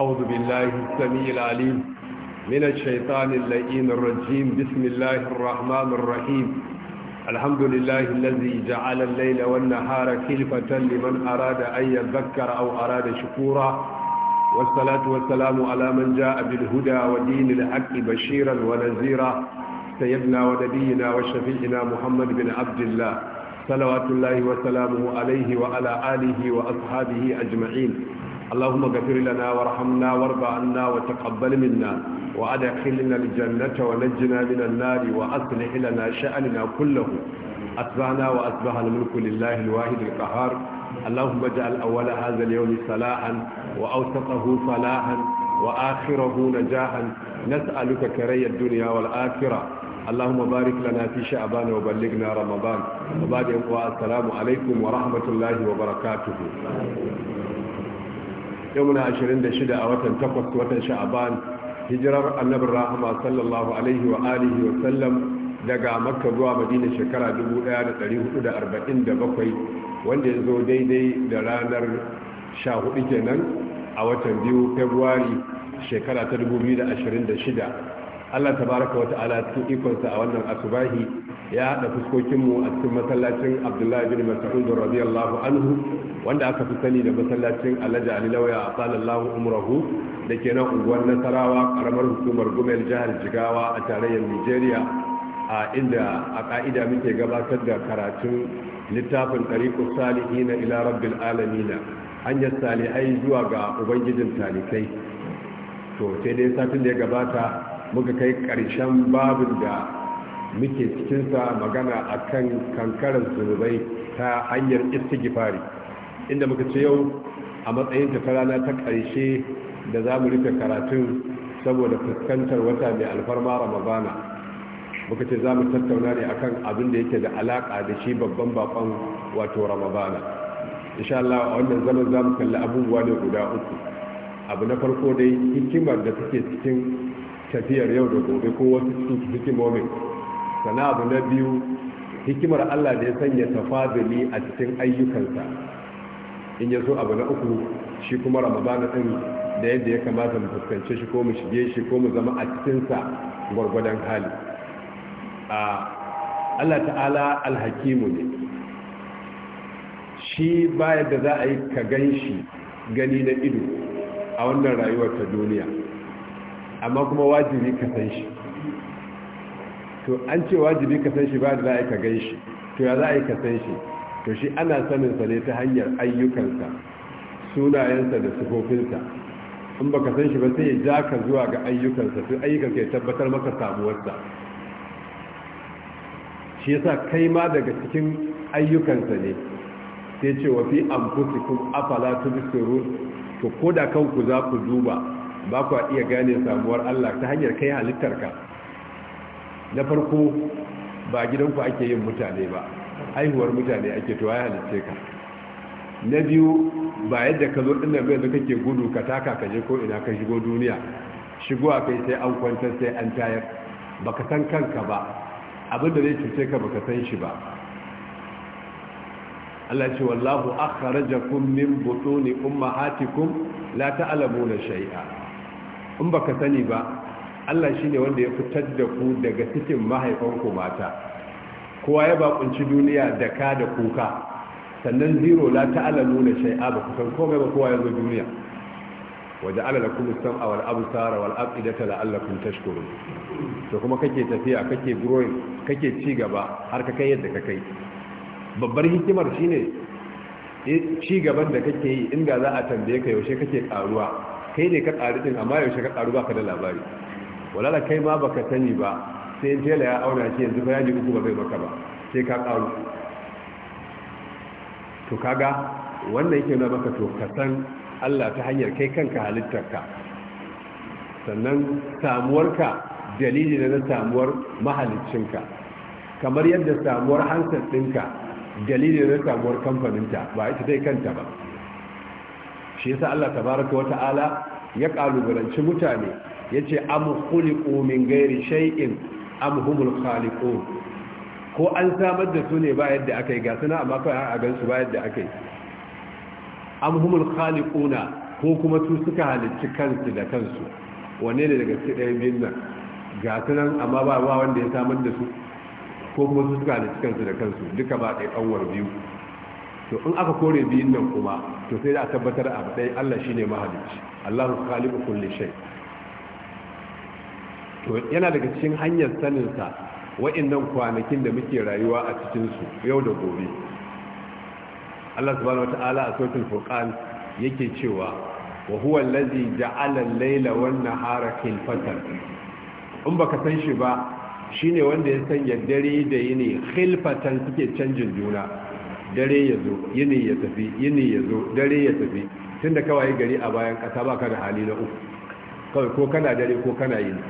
أعوذ بالله السميع العليم من الشيطان اللئيم الرجيم بسم الله الرحمن الرحيم الحمد لله الذي جعل الليل والنهار خلفة لمن أراد أن يذكر أو أراد شكورا والصلاة والسلام على من جاء بالهدى ودين الحق بشيرا ونذيرا سيدنا ونبينا وشفيعنا محمد بن عبد الله صلوات الله وسلامه عليه وعلى آله وأصحابه أجمعين اللهم اغفر لنا وارحمنا وارض عنا وتقبل منا وادخلنا الجنة ونجنا من النار وأصلح لنا شأننا كله أتبعنا وأتبع الملك لله الواحد القهار اللهم اجعل أول هذا اليوم صلاحا وأوسطه صلاحا وآخره نجاحا نسألك كري الدنيا والآخرة اللهم بارك لنا في شعبان وبلغنا رمضان وبعد السلام عليكم ورحمة الله وبركاته yau muna 26 a watan 8 watan sha'aban hijirar annabin rahama sallallahu alaihi wa alihi wa sallam daga makka zuwa madina shekara 1447 wanda ya zo daidai da ranar 14 kenan a watan 2 februari shekara ta 2026 Allah tabaraka wa ta'ala cikin ikonsa a wannan asubahi ya haɗa fuskokinmu a cikin masallacin Abdullahi bin Mas'ud radiyallahu anhu wanda aka fi sani da masallacin Alhaji Ali Lawya a sallallahu umrahu da ke nan unguwar Nasarawa karamar hukumar Gumel jihar Jigawa a tarayyar Nijeriya a inda a ƙa'ida muke gabatar da karatun littafin Tariqus Salihin ila Rabbil Alamin hanyar salihai zuwa ga ubangijin talikai to sai dai satin da ya gabata muka kai ƙarshen babin da muke cikinsa magana a kan kankarar zunubai ta hanyar istigifari inda muka ce yau a matsayin tafarana ta ƙarshe da za mu rufe karatun saboda fuskantar wata mai alfarma ramadana muka ce za mu tattauna ne akan abin da yake da alaƙa da shi babban baƙon wato ramadana insha Allah a wannan zaman za mu kalli abubuwa ne guda uku abu na farko dai hikimar da suke cikin tafiyar yau da gobe ko wasu hikimomin sana abu na biyu hikimar allah da ya sanya tafazumi a cikin ayyukansa in ya so abu na uku shi kuma ramadana ɗin da yadda ya kamata mu fuskance shi ko mu shige shi ko mu zama a cikinsa gwargwadon hali a allah ta'ala alhakimu ne shi bayan da za a yi ka gan shi gani na ido a wannan rayuwar ta duniya amma kuma wajibi ka san shi to an ce wajibi ka san shi ba da za ka shi to ya za ka san shi to shi ana saninsa ne ta hanyar ayyukansa sunayensa da sufofinsa in baka san shi ba sai ya ja ka zuwa ga ayyukansa to ayyukansa ya tabbatar maka samuwarsa shi yasa kai ma daga cikin ayyukansa ne sai ce wa fi anfusikum afala tubsirun to koda kanku za ku duba ba ku iya gane samuwar Allah ta hanyar kai halittarka na farko ba gidanku ake yin mutane ba haihuwar mutane ake to ya halitte ka na biyu ba yadda ka zo ɗin da kake gudu ka taka ka je ko ina ka shigo duniya shigowa kai sai an kwanta sai an tayar Ba ka san kanka ba abinda zai cuce ka baka san shi ba Allah ce wallahu akhrajakum min butuni ummahatikum la ta'lamuna shay'a in baka sani ba Allah shi ne wanda ya fitar da ku daga cikin mahaifanku mata kowa ya bakunci duniya da ka da kuka sannan zero la ta'ala nuna shai'a ba kusan komai ba kowa ya zo duniya waja'ala lakum abu sama wal absara wal af'idata la'allakum tashkurun to kuma kake tafiya kake growing kake ci gaba har ka kai yadda ka kai babbar hikimar shine eh, ci gaban da kake yi inda za a tambaye ka yaushe kake karuwa kai ne ka ƙari din amma yaushe ka ba ka da labari walala kai ma baka sani ba sai tela ya auna shi yanzu bayani uku ba zai maka ba sai ka ƙaru to kaga wannan yake na maka to ka san Allah ta hanyar kai kanka halittarka sannan samuwarka dalili na samuwar mahalicinka kamar yadda samuwar hansar ɗinka dalili na samuwar kamfaninta ba ita dai kanta ba shi yasa Allah tabaraka wa ta'ala ya kalubalanci mutane yace am khuliqu min ghairi shay'in am humul khaliqun ko an samar da su ne ba yadda akai, ga suna amma kai a gansu ba yadda akai am humul khaliquna ko kuma su suka halicci kansu da kansu wanne ne daga cikin ɗaya biyun nan ga sunan amma ba ba wanda ya samar da su ko kuma su suka halicci kansu da kansu duka ba ɗaya ƙanwar biyu to in aka kore biyun nan kuma to sai da a tabbatar a dai Allah shine mahalicci Allahu khaliqu kulli shay to yana daga cikin hanyar sanin sa wa'annan kwanakin da muke rayuwa a cikin su yau da gobe Allah subhanahu wataala a suratul furqan yake cewa wa huwa allazi ja'ala al-layla wan-nahara khilfatan in baka san shi ba shine wanda ya sanya dare da yini khilfatan suke canjin juna dare ya zo yini ya tafi yini ya zo dare ya tafi tun da kawai gari a bayan ƙasa baka da hali na uku kawai ko kana dare ko kana yini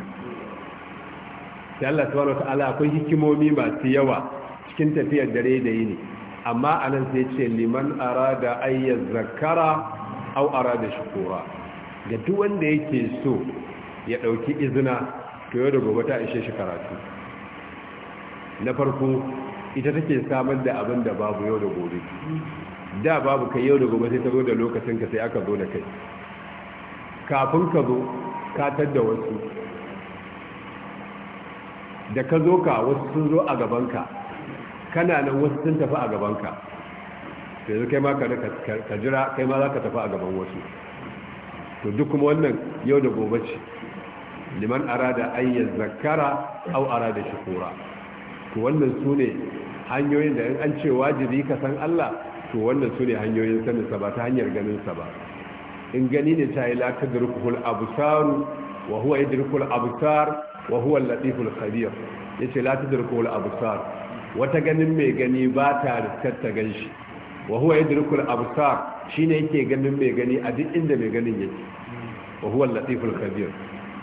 sai Allah subhanahu wataala akwai hikimomi masu yawa cikin tafiyar dare da yini amma anan sai ce liman arada ayyaz zakara aw arada shukura ga duk wanda yake so ya dauki izina to yau da gobe ta ishe shi karatu na farko ita take samar da abin da babu yau da gobe da babu kai yau da gobe sai ta zo da lokacin ka sai aka zo da kai kafin ka zo ka da wasu da ka zo ka wasu sun zo a gabanka kana nan wasu sun tafi a gabanka zo kai ma ka jira kai ma za ka tafi a gaban wasu to duk kuma wannan yau da gobe ce liman arada ayyaz zakara aw arada shukura to wannan su ne hanyoyin da in an ce wajibi ka san Allah to wannan su ne hanyoyin sanin ba ta hanyar ganinsa ba in gani ne ta yi la tadrukul absar wa huwa yadrukul Abusar. wa huwa al-latiful khabir yace la tadrukul Abusar. wata ganin mai gani ba ta riskar ta shi. wa huwa yadrukul absar shine yake ganin mai gani a duk inda mai ganin yake wa huwa al-latiful khabir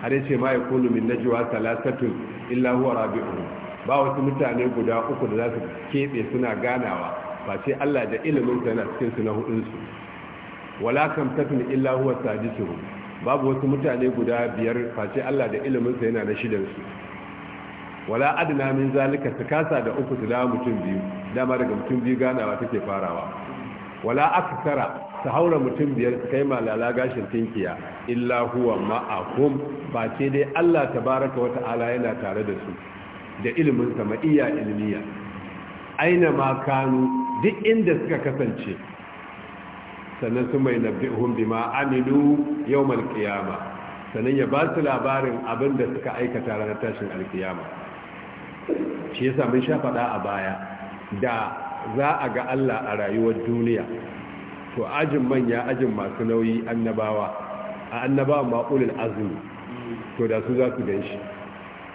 har yace ma yakunu min najwa thalathatun illa huwa rabi'uhum ba wasu mutane guda uku da za su keɓe suna ganawa ba ce Allah da iliminsa yana cikin su na hudunsu wala kam tafin illa huwa sadisuhu babu wasu mutane guda biyar face Allah da iliminsa yana na shidansu wala adna min zalika su kasa da uku da dawo mutum biyu dama daga mutum biyu ganawa take farawa wala aksara su haura mutum biyar su kai malala gashin tinkiya illa huwa ma'akum face dai Allah tabaraka ala yana tare da su da ilimin sama'iyya ilmiya aina ma kanu duk inda suka kasance sannan su mai nabbi'uhum bima amilu yawmal qiyama sannan ya ba su labarin abin suka aikata ranar tashin alkiyama shi yasa mun sha faɗa a baya da za a ga Allah a rayuwar duniya to ajin manya ajin masu nauyi annabawa a annabawa ma'ulul azumi to da su za su gan shi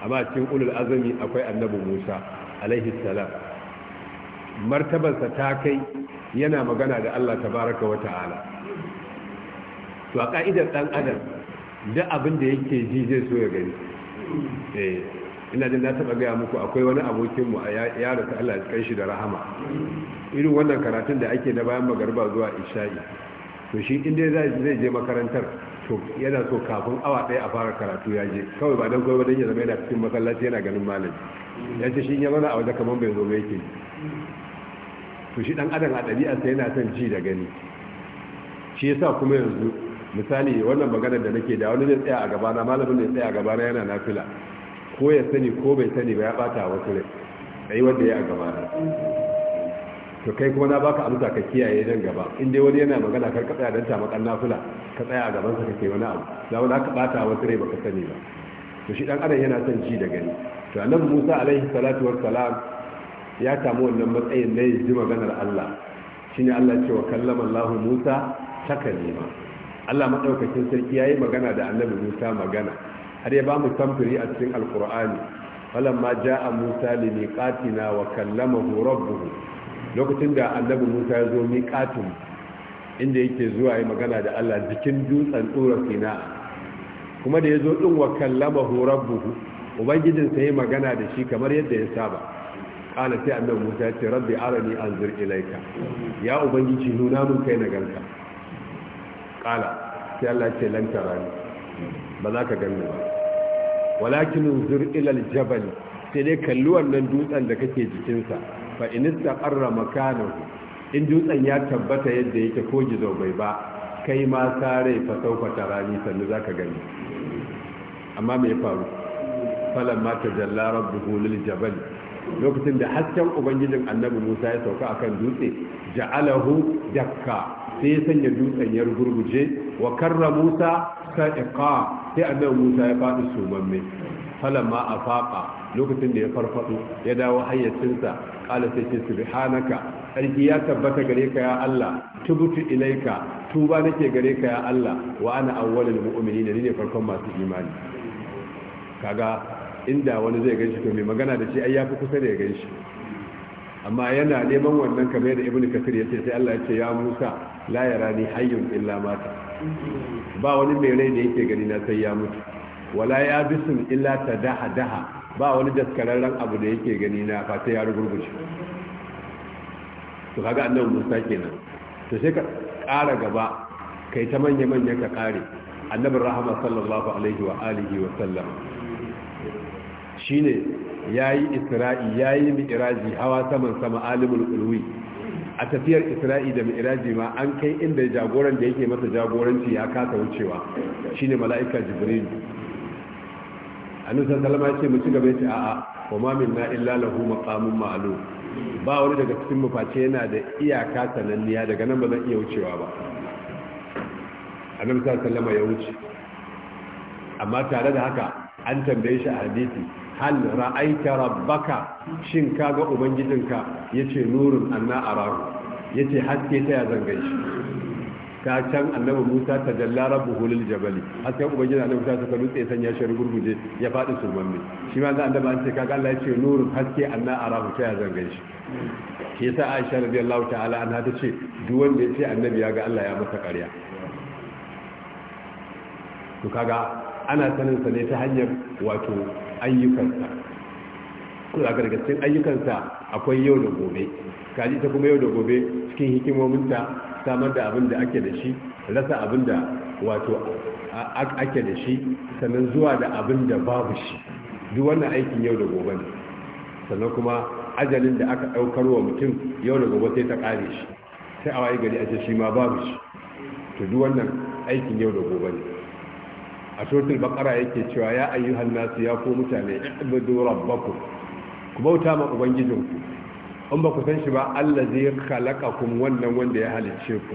amma cikin ulul azumi akwai annabi Musa alaihi salam martabarsa ta kai yana magana da Allah tabaraka wa ta'ala to a ka'idar dan adam duk abin da yake ji zai so ya gani eh ina jin na taɓa gaya muku akwai wani abokinmu a ya ta Allah ya kai shi da rahama irin wannan karatun da ake na bayan magarba zuwa isha'i to shi inda zai je makarantar to yana so kafin awa ɗaya a fara karatu ya je kawai ba don kawai ba don ya zama yana cikin masallaci yana ganin malami ya ce shi ya mana a waje kamar bai zo ba yake to shi dan adam a sa yana son ji da gani shi yasa kuma yanzu misali wannan maganar da nake da wani zai tsaya a gabana malamin yana nafila ko ya sani ko bai sani ba ya bata a wasu rai ayi wanda ya a gabana to kai kuma na baka amsa ka kiyaye nan gaba in dai wani yana magana kar ka tsaya dan ta makan ka tsaya a gaban sa kake wani abu da wani aka bata wata rai baka sani ba to shi dan adam yana son ji da gani to annabi Musa alaihi salatu wassalam ya samu wannan matsayin ne ji maganar Allah shine Allah ce wa kallama Allah Musa takalima Allah madaukakin sarki yayi magana da annabi Musa magana har ya ba mu samfuri a cikin alqur'ani falamma jaa Musa limiqatina wa kallamahu rabbuhu lokacin da annabi musa ya zo miƙatun inda yake zuwa yi magana da allah jikin dutsen tsura sina kuma da ya zo ɗin wa kallama horar buhu ubangijinsa ya magana da shi kamar yadda ya saba ƙala sai annabi musa ya ce rabbi arani an zur ilaika ya ubangiji nuna mun kai na ganka ƙala sai allah ce lantara ne ba za ka ganna ba walakin zur ilal jabal sai dai kalli wannan dutsen da kake jikinsa fa in istaqarra makanahu in dutsen ya tabbata yadda yake ko gizo bai ba kai ma sare fa saufa tarani sannu zaka gani amma me ya faru falan ma jalla rabbuhu lil jabal lokacin da hasken ubangijin annabi Musa ya sauka akan dutse ja'alahu dakka sai ya sanya dutsen ya gurguje wa karra Musa sa'iqa sai annabi Musa ya faɗi sumamme falamma afaqa lokacin da ya farfado ya dawo hayyacinsa qala sai ce subhanaka sarki ya tabbata gare ka ya Allah tubutu ilaika tuba nake gare ka ya Allah wa ana awwalul mu'minina ne farkon masu imani kaga inda wani zai ganshi to mai magana da shi ai yafi kusa da ya ganshi amma yana neman wannan kamar da ibnu kasir yace sai Allah yace ce ya Musa la yarani hayyun illa mata ba wani mai rai da yake gani na sai ya mutu wala ya bisin illa ta daha daha ba wani daskararren abu da yake gani na fata ya rugurgushe to kaga annabi Musa kenan to sai ka ƙara gaba kai ta manya manya ka ƙare annabin rahama sallallahu alaihi wa alihi wa sallam shine yayi isra'i yayi mi'raji hawa saman sama alimul ulwi a tafiyar isra'i da mi'raji ma an kai inda jagoran da yake masa jagoranci ya kasa wucewa shine mala'ika jibril annabi sallallahu ya ce mu ci gaba ce a'a wa ma minna illa lahu maqamun ma'lum ba wani daga cikin mu face yana da iyaka sananniya daga nan ba zan iya wucewa ba annabi sallallahu ya wuce amma tare da haka an tambaye shi a hadisi hal ra'aita rabbaka shin kaga ubangijinka yace nurun anna arahu yace haske ta ya zanga shi ta can annabi musa ta jalla rabbuhu lil jabali har sai ubangiji annabi musa ta kalutse ya sanya shi gurguje ya fadi surmamme shi ma zan annabi an ce kaga Allah ya ce nurun haske anna arahu ta ya zangan shi shi yasa Aisha radiyallahu ta'ala anha ta ce duk wanda ya ce annabi ya ga Allah ya masa ƙarya to kaga ana sanin sa ne ta hanyar wato ayyukansa kuma ga daga cikin ayyukansa akwai yau da gobe kaji ta kuma yau da gobe cikin hikimominta samar da abin da ake da shi rasa abin da wato ake da shi sannan zuwa da abin da babu shi duk wannan aikin yau da gobe ne sannan kuma ajalin da aka daukar wa mutum yau da gobe sai ta kare shi sai a waye gari a ce shi ma babu shi to duk wannan aikin yau da gobe ne a suratul baqara yake cewa ya ayyuhan nasu ya ku mutane ibudu rabbakum ku bauta ma ubangijinku in ba ku san shi ba Allah zai khalaqakum wannan wanda ya halicce ku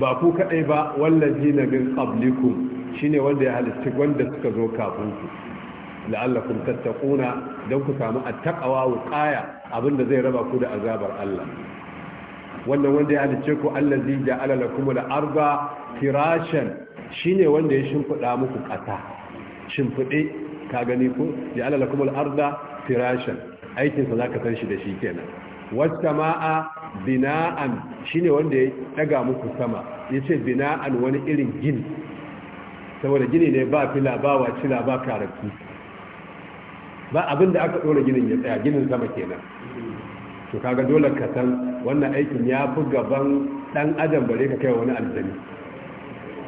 ba ku kadai ba na min qablikum shine wanda ya halicce wanda suka zo kafin ku la'allakum tattaquna dan ku samu attaqwa wa qaya abinda zai raba ku da azabar Allah wannan wanda ya halicce ku allazi ja'ala lakum al-arda firashan shine wanda ya shimfida muku kasa shimfide ka gani ku? ja'ala lakum al-arda firashan aikinsa za ka san shi da shi kenan wata ma'a bina'an shi ne wanda ya daga muku sama ya ce bina'an wani irin gini saboda gini ne ba fila ba wacila ba karatu ba abin da aka ɗora ginin ya tsaya ginin sama kenan to kaga dole ka san wannan aikin ya fi gaban ɗan adam bare ka kai wani aljani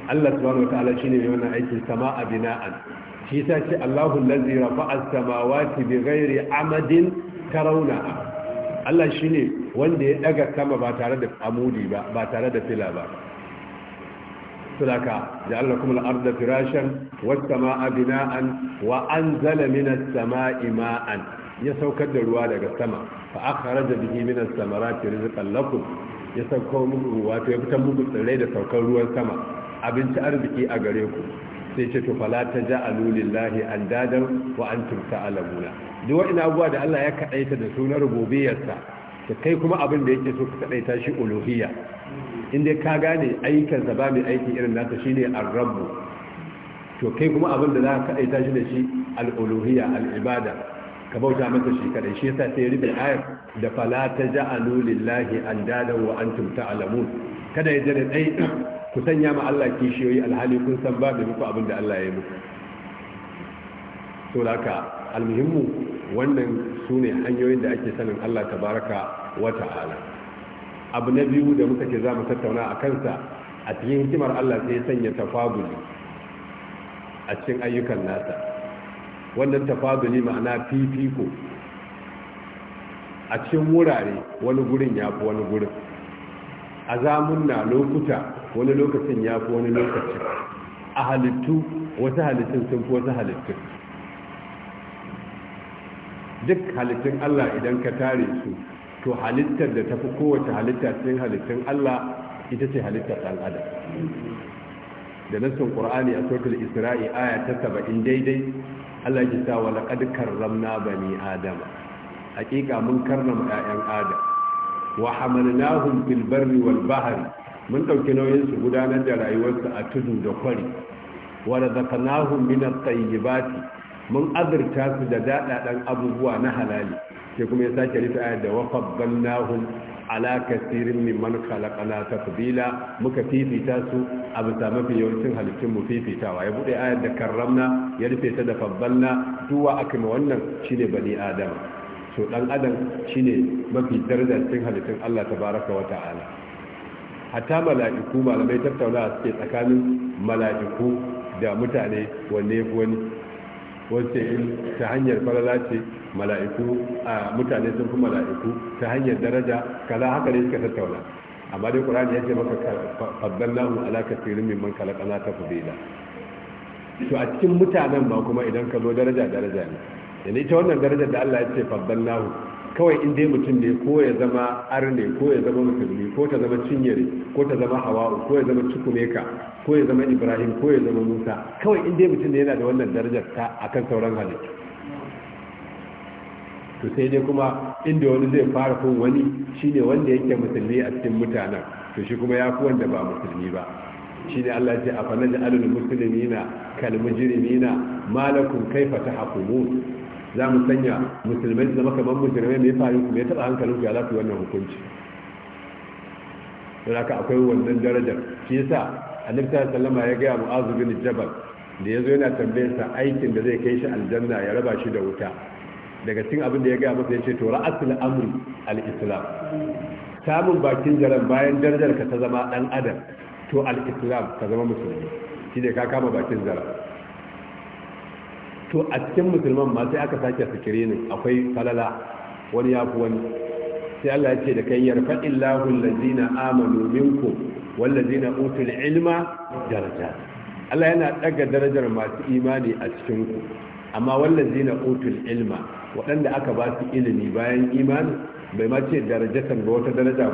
Allah subhanahu wa ta'ala shine mai wannan aikin sama'a bina'an shi ta ce Allahu allazi rafa'a samawati bighairi amadin tarawna Allah shine wanda ya daga sama ba tare da amudi ba ba tare da fila ba sulaka ja'alnakum al-ardha firashan was-samaa'a bina'an wa anzala minas samaa'i ma'an ya saukar da ruwa daga sama fa akhraja bihi minas samarati rizqan lakum ya sauko muku wato ya fitar muku tsirrai da saukar ruwan sama abinci arziki a gare ku sai ce to fala ta ja'alu lillahi andadan wa antum ta'lamuna duk wa'ina abuwa da Allah ya kaɗaita da sunar rububiyarsa ta kai kuma abin da yake so ka kadaita shi uluhiyya inda ka gane aikin sa ba mai aiki irin nasa shine ar-rabb to kai kuma abin da za ka kadaita shi da shi al-uluhiyya al-ibada ka bauta masa shi kadai shi yasa sai rubi ayar da fala ta ja'alu lillahi andadan wa antum ta'lamun kada ya jira dai ku sanya ma Allah kishiyoyi alhali kun san ba da muku abin da Allah ya yi muku to haka almuhimmu wannan su ne hanyoyin da ake sanin Allah tabaraka wa ta'ala abu na biyu da muka ce za mu tattauna a kansa a cikin hikimar Allah sai ya sanya tafaduli a cikin ayyukan nasa wannan tafaduli ma'ana fifiko a cikin wurare wani gurin ya fi wani gurin a na lokuta wani lokacin ya fi wani lokacin a halittu wasu halittun sun fi wasu halittun duk halittun Allah idan ka tare su to halittar da tafi kowace halitta cikin halittun Allah ita ce halittar ɗan adam da nassin qur'ani a sautar isra'i aya ta 70 daidai Allah ya sa wa laqad karramna bani adama hakika mun karnama 'ya'yan adam wa hamalnahum fil barri wal bahri mun ɗauki nauyin su gudanar da rayuwarsu a tudu da kwari wa razaqnahum min at-tayyibati mun azurta su da dadadan abubuwa na halali sai kuma ya sake rufe ayar da wa faddalnahum ala man mimman ta tafdila muka fifita su a bisa mafi yawancin halittun mu fifitawa ya bude ayar da karramna ya rufe ta da na, duwa aka ma wannan shine bani adam to ɗan adam shine mafi darajar cikin halittun Allah tabaraka wa ta'ala hatta mala'iku malamai tattaunawa suke tsakanin mala'iku da mutane wanne wani wacce ta hanyar falala ce mala'iku a mutane sun fi mala'iku ta hanyar daraja kaza haka ne suka tattauna amma dai qur'ani ya ce maka faddalnahu ala kala mimman khalaqna da. to a cikin mutanen ma kuma idan ka zo daraja daraja ne yana ita wannan darajar da Allah ya ce namun kawai in dai mutum ne ko ya zama arne ko ya zama musulmi ko ta zama cinyere ko ta zama hawa'u ko ya zama cikumeka ko ya zama ibrahim ko ya zama musa kawai in dai mutum ne yana da wannan darajar ta akan sauran halittu to sai dai kuma inda wani zai fara kun wani shine wanda yake musulmi a cikin mutanen to shi kuma ya fi wanda ba musulmi ba shine Allah ce a fannin da alul musulmina kal malakun malakum kaifa tahkumun za mu sanya musulmai zama kamar musulmai mai faru kuma ya taɓa hankalin ya lafi wannan hukunci da haka akwai wannan darajar shi yasa annabi sallama ya gaya mu'azu bin jabal da ya zo yana tambayar sa aikin da zai kai shi aljanna ya raba shi da wuta daga cikin abin da ya gaya masa ya ce to ra'asul amri al-islam samun bakin jaran bayan darajar ka ta zama dan adam to al-islam ka zama musulmi shi ne ka kama bakin jaran to a cikin musulman ma sai aka sake sikire ne akwai falala wani ya fi wani sai Allah ya ce da kan yarfa illahu allazina amanu minkum wallazina utul ilma daraja Allah yana daga darajar masu imani a cikin ku amma wallazina utul ilma waɗanda aka ba su ilimi bayan imani bai ma ce darajatan ba wata daraja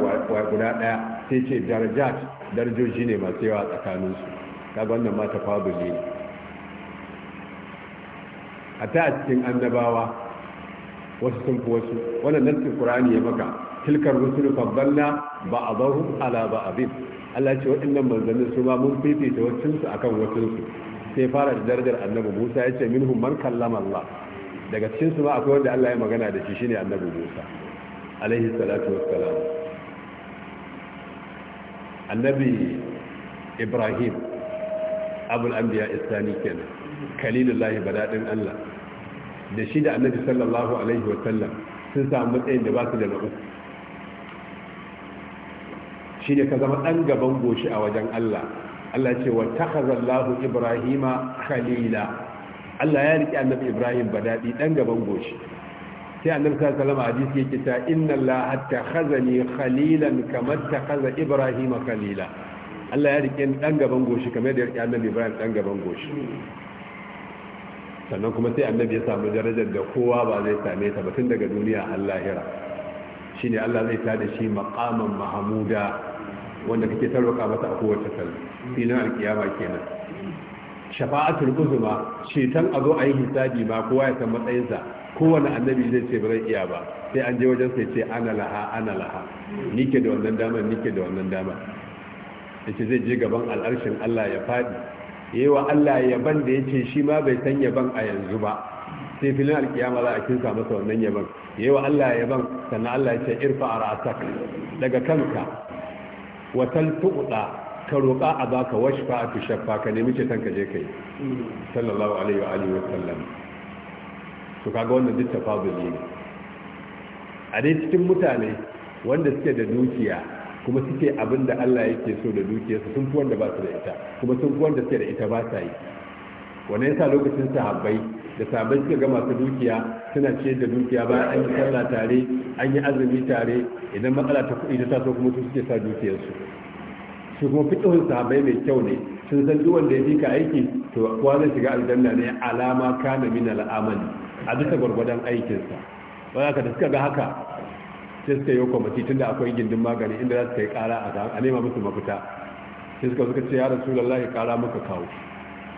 guda ɗaya sai ce darajat darajoji ne masu yawa tsakaninsu kaga wannan ma tafaduli ne A a cikin annabawa wasu sun fi wasu Wani nassin qur'ani ya maka tilkar rusul faddalna ba'dahu ala ba abin. Allah ce waɗannan manzannin su ma mun fifita wasu su akan wasu su sai fara da darajar annabi Musa ya ce minhum man kallama Allah daga cikin su ma akwai wanda Allah ya magana da shi shine annabi Musa alaihi salatu wassalam annabi Ibrahim abul anbiya istani kenan kalilullahi badadin Allah da shi da annabi sallallahu alaihi wa sallam sun samu matsayin da ba su da na uku shi ne ka zama ɗan gaban goshi a wajen Allah Allah ce wa takazallahu ibrahima khalila Allah ya riƙe annabi ibrahim daɗi ɗan gaban goshi sai annabi sallallahu alaihi wa sallam hadisi yake ta inna Allah kazani khalilan kama takhaza ibrahima khalila Allah ya riƙe ɗan gaban goshi kamar da ya riƙe annabi ibrahim ɗan gaban goshi sannan kuma sai annabi ya samu darajar da kowa ba zai same ta ba tun daga duniya har lahira shine Allah zai tada shi maqaman mahmuda wanda kake tarwaka masa a kowace sallah filin alkiyama kenan shafa'atul uzma a zo a yi hisabi ba kowa ya san matsayinsa kowane annabi zai ce ba iya ba sai an je wajen sai ce ana laha ana laha nike da wannan damar nike da wannan damar yace zai je gaban al'arshin Allah ya faɗi. yi wa Allah yaban da yace shi ma bai san yaban a yanzu ba sai filin alkiyama za a kinsa masa wannan yaban yi wa Allah yaban sannan Allah ya ce irfa ra'sak daga kanka watan tal ka roƙa a baka washfa a tushaffa ka nemi ce tanka je kai sallallahu alaihi wa alihi wa sallam kaga wannan duk tafaduli ne a dai cikin mutane wanda suke da dukiya kuma suke abin da Allah yake so da dukiyarsa, sun fi wanda ba su da ita kuma sun fi wanda suke da ita ba sa yi wannan yasa lokacin sahabbai da sahabbai suka ga masu dukiya suna ciyar da dukiya bayan an yi sallah tare an yi azumi tare idan matsala ta kuɗi ta taso kuma su suke sa dukiyarsu su kuma tsohon sahabbai mai kyau ne sun san duk wanda ya fika aiki to kowa zai shiga aljanna ne alama kana min al'amali a duka gwargwadon aikinsa ba ka da suka ga haka sai suka yi kwamiti tunda akwai gindin magani inda za su kai kara a nema musu mafita sai suka suka ce ya rasulullahi kara muka kawo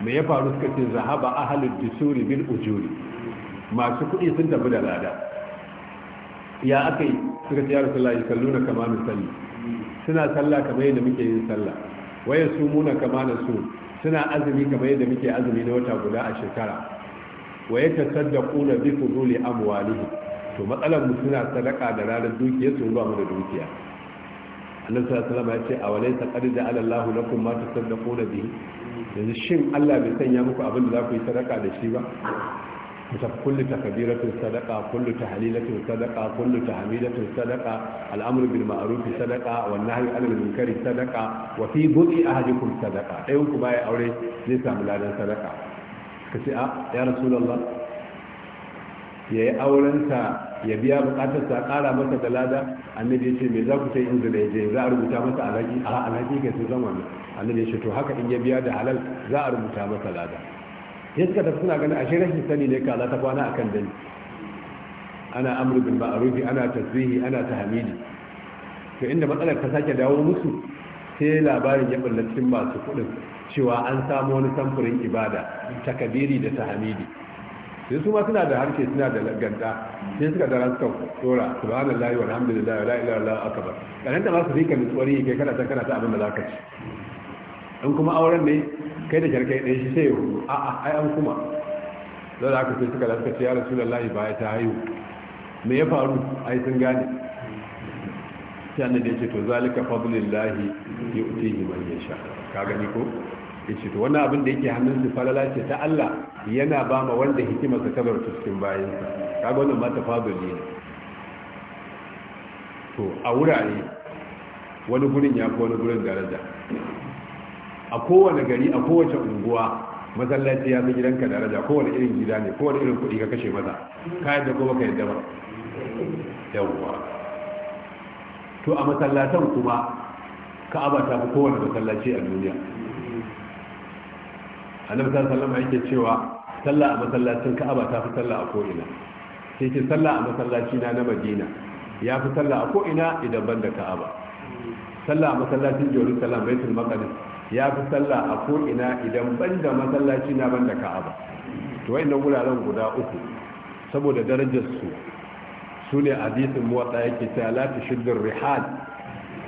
me ya faru suka ce zahaba halin jisuri bin ujuri masu kuɗi sun tafi da lada ya aka yi suka ce ya rasulullahi na kama salli. suna sallah kamar yadda muke yin sallah waya su muna kama na su suna azumi kamar yadda muke azumi na wata guda a shekara Waye ta sadda tasaddaquna bi fuzuli amwalihim to matsalar mu suna sadaka da ranar dukiya su ruwa da dukiya annabi sallallahu alaihi wasallam ya ce awalaysa qad ja'ala Allahu lakum ma tasaddaquna bihi yanzu shin Allah bai sanya muku abin da za ku yi sadaka da shi ba ta kullu takbiratin sadaqa kullu sadaka, sadaqa kullu tahmidatin sadaqa al'amru bil ma'ruf sadaqa wan nahyu 'anil munkari sadaqa wa fi bu'i ahadikum sadaqa dai ba baya aure zai samu ladan sadaqa kace a ya rasulullah ya yi aurensa ya biya bukatarsa sa kara masa da lada annabi ya ce me za ku sai in zina je za a rubuta masa alaki a alaki kai sun zama annabi ya ce to haka in ya biya da halal za a rubuta masa lada yadda suna ganin ashe rashin sani ne kaza ta kwana akan dani ana amru bil ma'ruf ana tasbihi ana tahmidi to inda matsalar ta sake dawo musu sai labarin ya balla masu kudin cewa an samu wani samfurin ibada takabiri da tahmidi sai su ma suna da harshe suna da ganda sai suka dara suka tsora subhanallahi walhamdulillahi wala ilaha illa akbar kanan da ma su rika nutsuwari kai kana san kana ta abin da zaka ci in kuma auren ne kai da jarkai ɗaya shi sai a a ai an kuma da aka sai suka laska ce ya rasulullahi ba ya ta haihu me ya faru ai sun gane sai annabi ya ce to zalika fadlillahi yu'tihi man yasha ka gani ko yace to wannan abin da yake hannun su falala ce ta Allah yana ba ma wanda hikimar sa kabar cikin bayan sa kaga wannan ma tafaduli ne to a wurare wani gurin ya fi wani gurin daraja a kowane gari a kowace unguwa masallaci ya fi gidanka daraja kowane irin gida ne kowane irin kuɗi ka kashe maza ka yadda ko baka yadda ba yawwa to a masallatan kuma ka'aba ta fi kowane masallaci a duniya annabi sallallahu alaihi wasallam yake cewa sallah a masallacin Ka'aba ta fi sallah a ko'ina sai ce sallah a masallaci na na Madina ya fi sallah a ko'ina idan ban da Ka'aba sallah a masallacin Jerusalem Baitul Maqdis ya fi sallah a ko'ina idan ban da masallaci na ban da Ka'aba to wayannan wuraren guda uku saboda darajar su su ne hadisin muwatta yake cewa la tashiddur rihal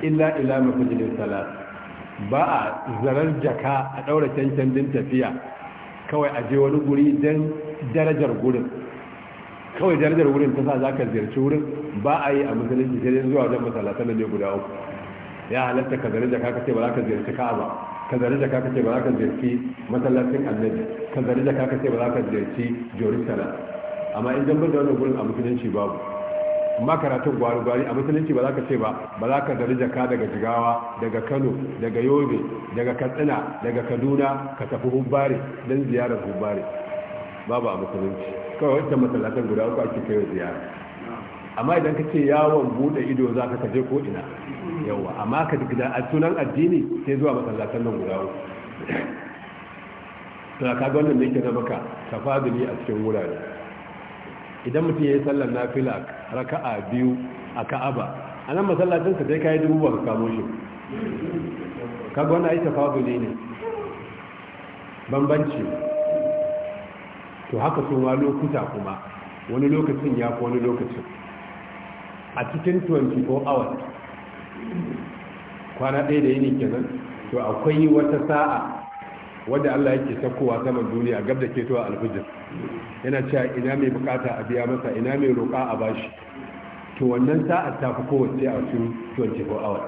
illa ila masjidin salat ba a zarar jaka a ɗaura cancan din tafiya kawai a je wani guri don darajar gurin kawai darajar wurin ta sa za ka ziyarci wurin ba a yi a musulunci sai zuwa wajen na ne guda uku ya halatta ka zarar jaka ka ce ba za ka ziyarci ka'aba ka zarar jaka ka ce ba za ka ziyarci masallacin annabi ka zarar jaka ka ce ba za ka ziyarci jerusalem amma in jambar da wani gurin a musulunci babu amma karatun gwari-gwari a musulunci ba za ka ce ba ba za ka dari jaka daga jigawa daga kano daga yobe daga katsina daga kaduna ka tafi hubbari don ziyarar hubbari babu a musulunci kawai wancan masallatan guda uku ake kai ziyara amma idan ka ce yawon bude ido za ka kaje ko ina yawa amma ka da a sunan addini sai zuwa masallatan nan guda uku to ka ga wannan ne ke na baka tafaduli a cikin wurare idan mutum ya yi sallar nafila raka'a biyu a ka'aba a nan masallacinsa sai ka yi dubu ba ka kamo shi kaga wani aita ne ne bambanci to haka sun wa lokuta kuma wani lokacin ya fi wani lokacin a cikin 24 hours kwana ɗaya da yini kenan to akwai wata sa'a wadda Allah yake sakowa saman duniya gab da ke towa alfijir yana cewa ina mai bukata a biya masa ina mai roƙa a bashi to wannan sa'a ta fi kowace a cikin 24 hours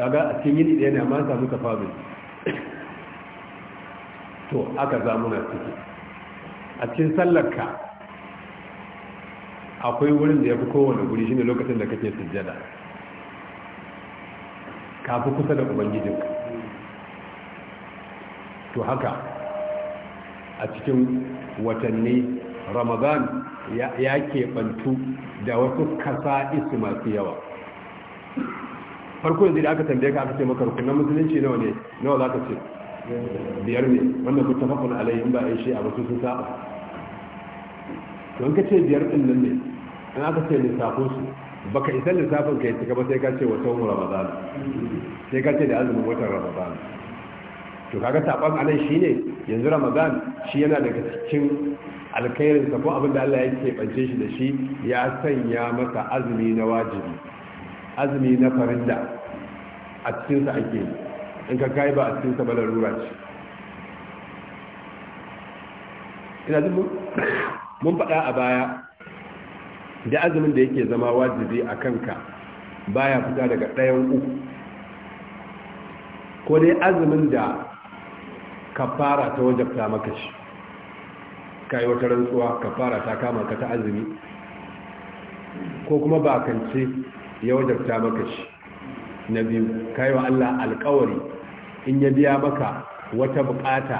kaga a cikin yini ɗaya ne amma samu tafabin to aka zamuna ciki a cikin sallarka akwai wurin da ya fi kowane guri shine lokacin da kake sujjada ka fi kusa da ubangijinka to haka a cikin watanni ramadan ya keɓantu da wasu kasa isi masu yawa farko yanzu da aka tambaye ka aka ce maka rukunan musulunci nawa ne nawa za ka ce biyar ne wanda mutafakun alayin ba a shi a wasu sun saba don ka ce biyar din nan ne an aka ce lissafin su baka isa lissafin ka yi cika ba sai ka ce wa sauran ramadan sai ka ce da azumin watan ramadan to kaga saban anan shine yanzu ramadan shi yana daga cikin alkhairin ko abin da Allah yake bance shi da shi ya sanya masa azumi na wajibi azumi na farilla a cikin sa ake in ka kai ba a cikin sa ba larura ce ina jin mun faɗa a baya da azumin da yake zama wajibi a kanka baya fita daga ɗayan uku ko dai azumin da ka fara ta wajabta maka shi ka yi wata rantsuwa ka fara ta kama ka ta azumi ko kuma bakance ya wajabta maka shi na biyu ka yi wa Allah alkawari in ya biya maka wata bukata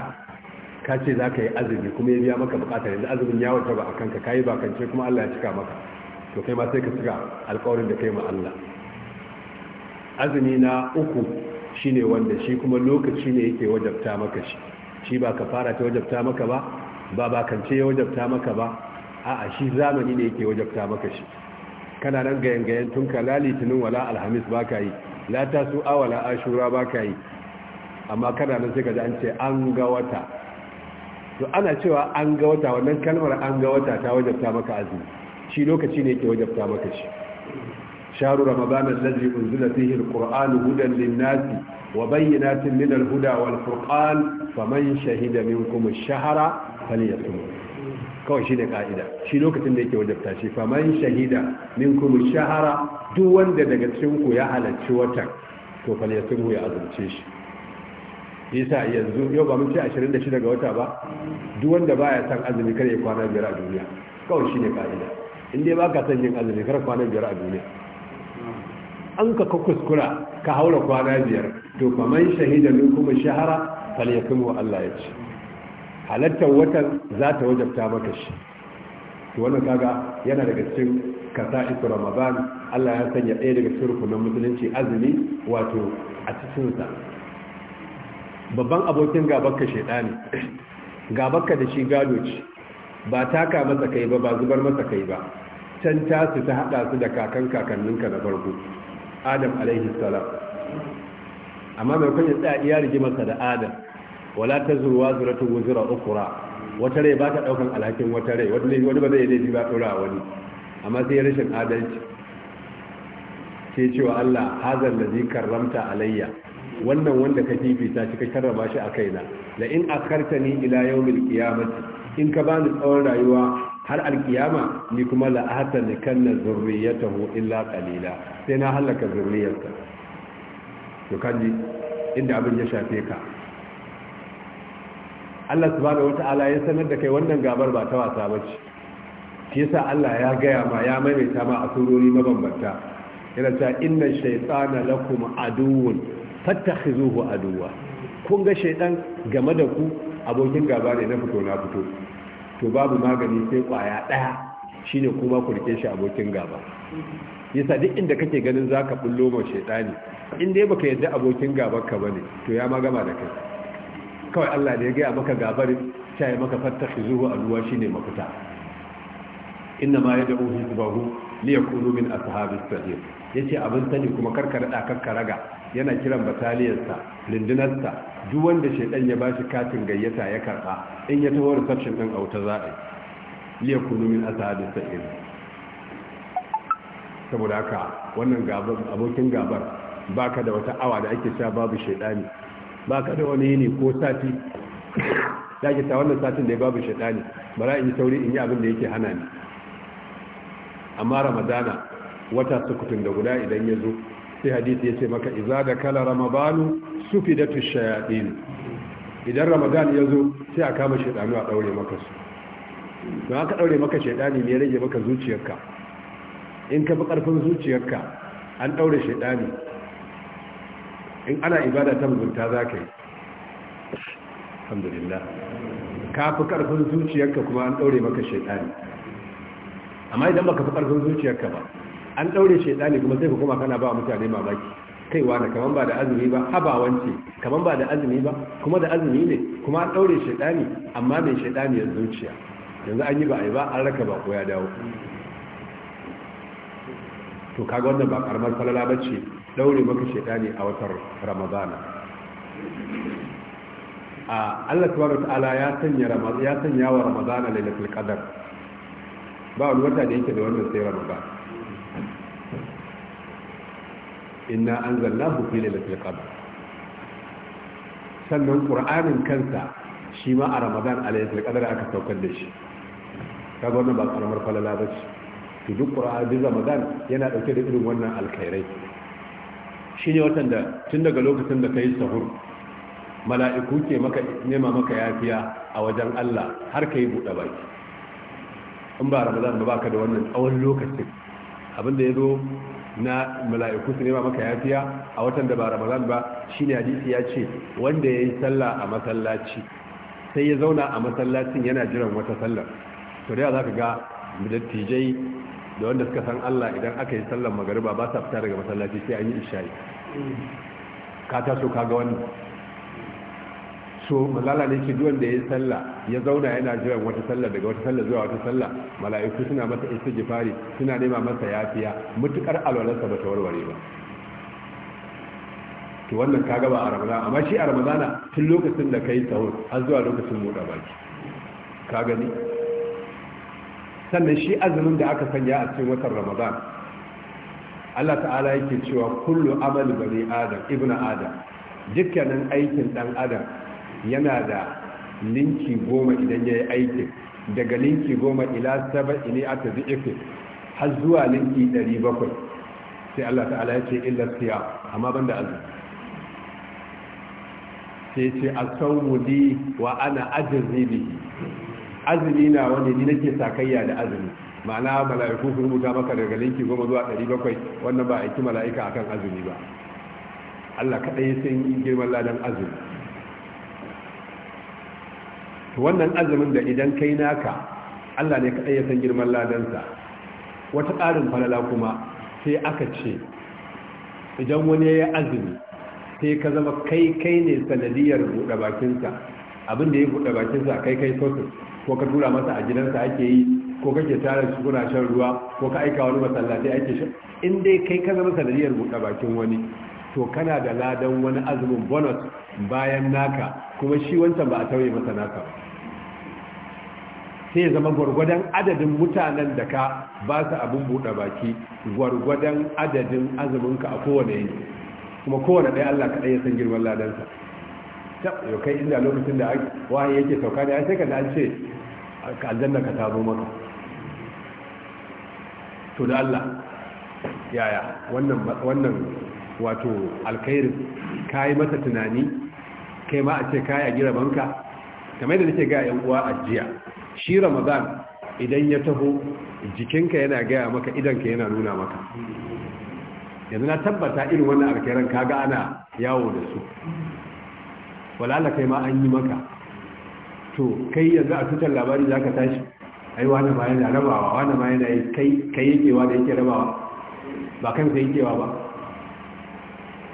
ka ce za ka yi azumi kuma ya biya maka bukata yanzu azumin ya wata ba a kanka ka yi bakance kuma Allah ya cika maka to kai ma sai ka cika alkawarin da kai ma Allah azumi na uku Shi ne wanda shi kuma lokaci ne yake wajabta maka shi shi ba ka fara ta wajabta maka ba ba ba kan ya wajabta maka ba a'a shi zamani ne yake wajabta maka shi kana nan gayangayen tun ka tunin wala alhamis ba ka yi la ta su awala ashura ba ka yi amma kana nan sai ka ji an ce an ga wata to ana cewa an ga wata wannan kalmar an ga wata ta wajabta maka azumi shi lokaci ne yake wajabta maka shi شهر رمضان الذي أنزل فيه القرآن هدى للناس وبينات من الهدى والفرقان فمن شهد منكم الشهر فليصم kawai ne ka'ida shi lokacin da yake wajabta shi faman shahida minkum shahara duk wanda daga cikin ku ya halarci watan to fa ya tumu ya azumce shi yasa yanzu yau ba mun ce 26 ga wata ba duk wanda baya san azumi kare ya kwana biyar a duniya kawai shi ne ka'ida in dai baka san yin azumi kare kwana biyar a duniya an ka ka kuskura ka haura kwana biyar to kamar shahida min kuma shahara falyakin wa Allah ya ce halattar watan za ta wajabta maka shi to wannan kaga yana daga cikin kasa'isu ramadan Allah ya sanya ɗaya daga cikin rukunin musulunci azumi wato a cikin sa babban abokin gabanka shaidani gabanka da shi gado ce ba taka masa kai ba ba zubar masa kai ba can su ta hada su da kakan kakanninka na farko adam alaihi salam amma mai kun tsaya iya rigimarsa da adam wala ta zuruwa zuratu wuzura ukura wata rai ba ta daukan alhakin wata rai wani ba zai laifi ba dora wani amma sai rashin adalci ke cewa Allah hazan da zai karramta alayya wannan wanda ka fifita shi ka karrama shi a kaina la in akartani ila yawmil qiyamati in ka bani tsawon rayuwa har alkiyama ni kuma la ahsana kanna zurriyatahu illa qalila sai na halaka zurriyarsa to kaji inda abin ya shafe ka Allah subhanahu wata'ala ya sanar da kai wannan gabar ba ta wasa ba ce shi yasa Allah ya gaya ma ya maimaita ma a surori mabambanta yana cewa inna shaytana lakum aduwwun fattakhizuhu aduwwa kun ga shaytan game da ku abokin gaba ne na fito na fito to babu magani sai kwaya ɗaya shine kuma ku rike shi abokin gaba yasa duk inda kake ganin zaka bullo ma shaytani in dai baka yadda abokin gaban ka bane to ya ma gama da kai kawai Allah da ya gaya maka gabar sai maka fattakhizuhu alwa shine mafita inna ma yad'u hizbahu liyakunu min ashabis Ya yace abin sani kuma karkar da raga. yana kiran bataliyarsa lindinarsa duk wanda shaytan ya bashi katin gayyata ya karba in ya taho reception ɗin auta za a yi liya kunu min asahadin sa'ir saboda haka wannan abokin gabar ba ka da wata awa da ake sha babu shaidani ba ka da wani yini ko sati da ake ta wannan satin da ya babu shaidani bara in yi sauri in yi abin da yake hana ni amma ramadana wata sukutun da guda idan ya zo sai hadisi ya ce maka iza da kala ramabanu su fi da tushayaɗinu idan ramadan ya zo sai a kama shaidanu a daure maka su don aka daure maka shaidani ne rage maka zuciyarka in ka fi karfin zuciyarka an daure shaidani in ana ibada ta mugunta za ka yi alhamdulillah ka fi karfin zuciyarka kuma an daure maka shaidani amma idan ka fi karfin zuciyarka ba an daure shaidani kuma sai ka kuma kana ba mutane mamaki kaiwa da kaman ba da azumi ba haba ce kaman ba da azumi ba kuma da azumi ne kuma an ɗaure amma mai shaidani ya zuciya yanzu an yi ba a yi ba an raka ba ko ya dawo to kaga wannan ba karamar falala ba ce ɗaure maka shaidani a watan ramadana a Allah subhanahu ta'ala ya sanya ramadana ya sanya wa ramadana lailatul qadar ba wani wata da yake da wannan sai ba. inna anzalnahu fi da qadr sannan ƙur'anin kansa shi ma a ramadan a lailatul aka saukar da shi kaga wannan ba karamar falala ce to duk da ramadan yana dauke da irin wannan alkhairai shine watan da tun daga lokacin da kai sahur mala'iku ke maka nema maka yafiya a wajen Allah har kai buɗe baki in ba ramadan ba baka da wannan tsawon lokacin abinda ya zo na mala'iku su nema maka yafiya a watan da ba ramadan ba shine hadisi ya ce wanda ya yi sallah a masallaci sai ya zauna a masallacin yana jiran wata sallar to da za ka ga dattijai da wanda suka san Allah idan aka yi sallar magariba ba sa fita daga masallaci sai an yi isha'i ka taso ka ga wani. to malala ne ke duwan da ya yi sallah ya zauna yana jiran wata sallah daga wata sallah zuwa wata sallah mala'iku suna masa jifari suna nema masa yafiya mutukar alwalarsa ba ta warware ba to wannan ka gaba a ramadana amma shi a ramadana tun lokacin da kai tsawon, har zuwa lokacin motsa baki ka gani sannan shi azumin da aka sanya a cikin watan Ramadana. Allah ta'ala yake cewa kullu amal bani adam ibnu adam dukkanin aikin dan adam yana da linki goma idan ya yi aiki. daga linki goma ila saba'i a ta zi'ife har zuwa linki dari bakwai sai Allah ta'ala ya ce illa siya amma ban da azumi sai ce a san li wa ana ajazi bihi azumi na wani ne nake sakayya da azumi ma'ana mala'iku sun rubuta maka daga linki goma zuwa dari bakwai wannan ba aiki mala'ika akan azumi ba Allah kaɗai sun girman ladan azumi to wannan azumin da idan kai naka Allah ne kaɗai ya san girman ladansa wata ƙarin falala kuma sai aka ce idan wani ya azumi sai ka zama kai kai ne sanadiyar buɗe bakinsa abin da ya buɗe bakinsa kai kai sosai, ko ka tura masa a gidansa ake yi ko kake tara su kuna shan ruwa ko ka aika wani masallaci ake shi in dai kai ka zama sanadiyar buɗe bakin wani to kana da ladan wani azumin bonus bayan naka kuma shi wancan ba a tauye masa naka sai zama gwargwadon adadin mutanen da ka ba su abin buɗe baki gwargwadon adadin azuminka a kowane yanki kuma kowane ɗaya Allah kaɗai ya san girman ladansa yau kai inda lokacin da wahayi yake sauka ne ya sai ka dace an ce ka aljanna ka tabo maka to da Allah yaya wannan wannan wato alkhairin ka yi masa tunani kai ma a ce ka a gira banka kamar da nake ga yan uwa a jiya shi ramadan idan ya taho jikinka yana gaya maka idanka yana nuna maka yanzu na tabbata irin wannan ka ga ana yawo da su walala kai ma an yi maka to kai yanzu a tutar labari za ka tashi ai wani ma yana rabawa wani ma yana kai yake wa da yake rabawa ba kan sai yake wa ba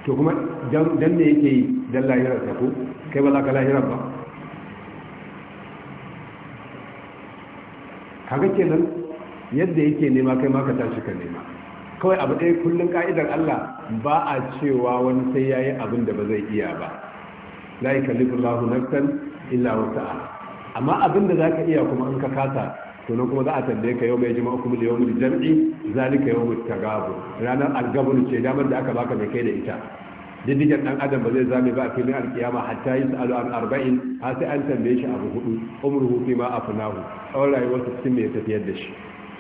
to kuma dan ne yake yi dan lahirar ta ko kai ba za ka lahirar ba kaga kenan yadda yake nema kai ma ka tashi ka nema kawai abu ɗaya kullum ka'idar Allah ba a cewa wani sai ya yi abin da ba zai iya ba la yi kalifin lahu illa wata amma abin da za ka iya kuma in ka kasa sannan kuma za a tambaye ka yau mai jima'a kuma da yawon jam'i zalika yawon tagabu ranar algabun ce damar da aka baka mai kai da ita diddigen dan adam ba zai zame ba a filin alkiyama hatta yi sa'alu an arba'in har sai an tambaye shi abu hudu umruhu hufi ma funahu. tsawon rayuwar su cikin mai tafiyar da shi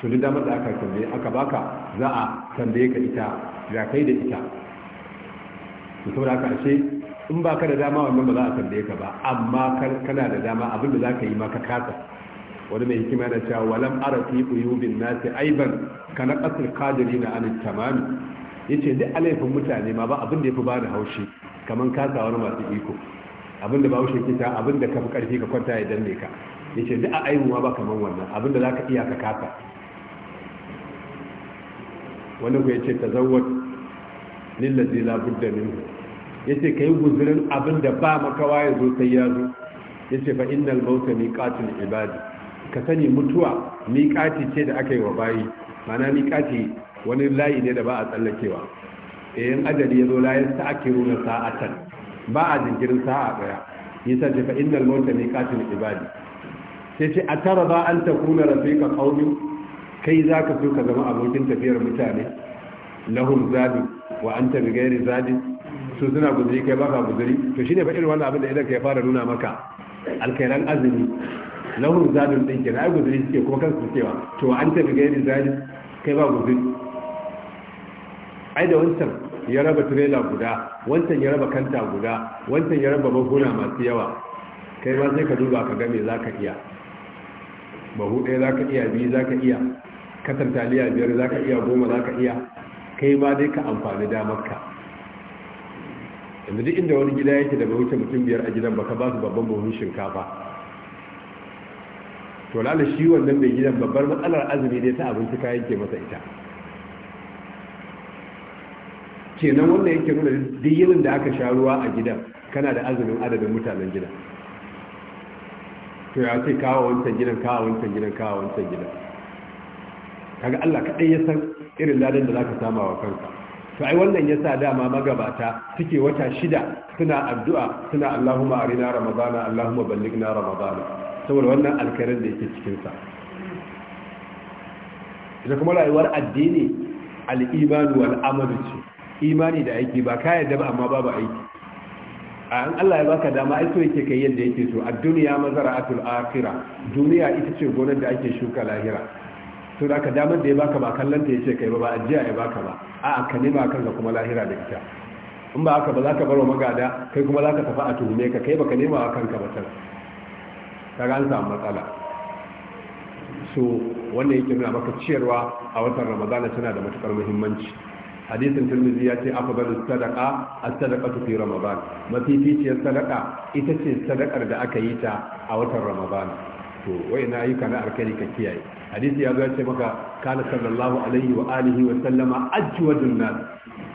to duk damar da aka tambaye aka baka za a tambaye ka ita ya kai da ita to saboda haka in ba ka da dama wannan ba za a tambaye ka ba amma kana da dama abin da za ka yi ma ka kasa wani mai hikima yana cewa walam ara fi uyubin nasi aiban kana qatil qadirina an tamam yace duk alaifin mutane ma ba abin da yafi bada haushi kaman kasawar masu iko abin da ba haushe kita abin da kafi karfi ka kwanta ya danne ka yace duk a aibu ma ba kaman wannan abin da zaka iya ka kasa wani ku yace tazawwad lillazi la budda minhu yace kai guzurin abin da ba makawa ya zo sai ya zo yace fa innal mauta miqatul ibadi ka sani mutuwa miƙaci ce da aka yi wa bayi mana miƙaci wani layi ne da ba a tsallakewa E, in ajali ya zo layin sa'akiru na sa'atan ba a jinkirin sa'a ɗaya yasa ce fa innal mauta miqatul ibadi sai ce a tara ba an takuna rafiqa qaumi kai zaka so ka zama abokin tafiyar mutane lahum zabi wa an bi ghairi zabi su suna guzuri kai baka guzuri to shine fa irin wannan abin da idan ka ya fara nuna maka alkairan azumi lahun zadun din kenan ai guzuri suke kuma kansu cewa to an ta daga irin zadi kai ba guzuri ai da wancan ya raba tirela guda wancan ya raba kanta guda wancan ya raba maguna masu yawa kai ma sai ka duba ka game za ka iya bahu ɗaya za ka iya biyu za ka iya katar taliya biyar za ka iya goma za ka iya kai ma dai ka amfani damar ka yanzu duk inda wani gida yake da bai wuce mutum biyar a gidan baka ba su babban bahun shinkafa to lala shi wannan mai gidan babbar matsalar azumi ne ta abinci kayan ke masa ita kenan wannan yake nuna duk yinin da aka sha ruwa a gidan kana da azumin adadin mutanen gidan to ya ce kawo wancan gidan kawo wancan gidan kawo wancan gidan kaga Allah kaɗai ya san irin ladan da zaka sama wa kanka to ai wannan ya sa dama magabata suke wata shida suna addu'a suna Allahumma arina ramadana Allahumma ballighna ramadana saboda wannan alkarin da yake cikinsa ita kuma rayuwar addini al'imanu al'amadu ce imani da aiki ba ka yadda ba amma babu aiki a an Allah ya baka dama aiki yake kai yadda yake so a duniya mazara'atul akhirah duniya ita ce gonar da ake shuka lahira to da ka damar da ya baka ba kallanta ta yace kai ba ba ajiya ya baka ba a'a ka nema kanka kuma lahira da ita in ba haka ba za ka baro magada kai kuma za ka tafi a tuhume ka kai ka nema kanka ba kaga an samu matsala so wannan yake nuna maka ciyarwa a watan ramadana tana da matukar muhimmanci hadisin turmizi ya ce sadaka a sadaka su fi ramadan mafificiyar sadaka ita ce sadakar da aka yi ta a watan ramadana to wai na ayyuka na alkhairi ka kiyaye hadisi ya zo ya ce maka kana sallallahu alaihi wa alihi wa sallama ajwadun nas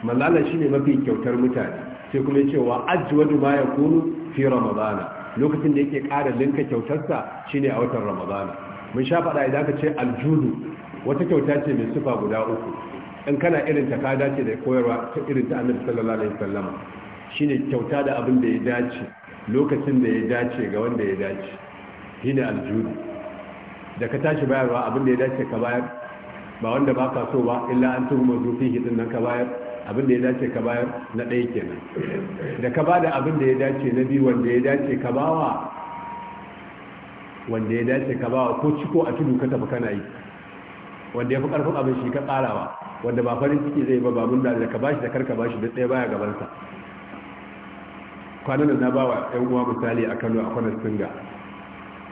malala shine mafi kyautar mutane sai kuma ya ce wa ajwadu ma yakunu fi ramadana lokacin da yake ƙara linka kyautarsa shine a watan ramadana mun sha faɗa idan ka ce aljudu wata kyauta ce mai sufa guda uku in kana irin ta ka dace da koyarwa ta irin ta annabi sallallahu alaihi wasallama shine kyauta da abin da ya dace lokacin da ya dace ga wanda ya dace shine aljudu da ka tashi bayarwa abin da ya dace ka bayar ba wanda baka so ba illa an tuhuma zufi hidin nan ka bayar abin da ya dace ka bayar na ɗaya kenan da ka bada abin da ya dace na biyu wanda ya dace ka bawa wanda ya dace ka bawa ko ciko a tudu ka tafi kana yi wanda ya fi ƙarfin abin shi ka tsarawa wanda ba farin ciki zai ba babun da ka bashi da karka bashi da ɗaya baya gabansa kwanan na bawa yan uwa misali a Kano a kwanan Singa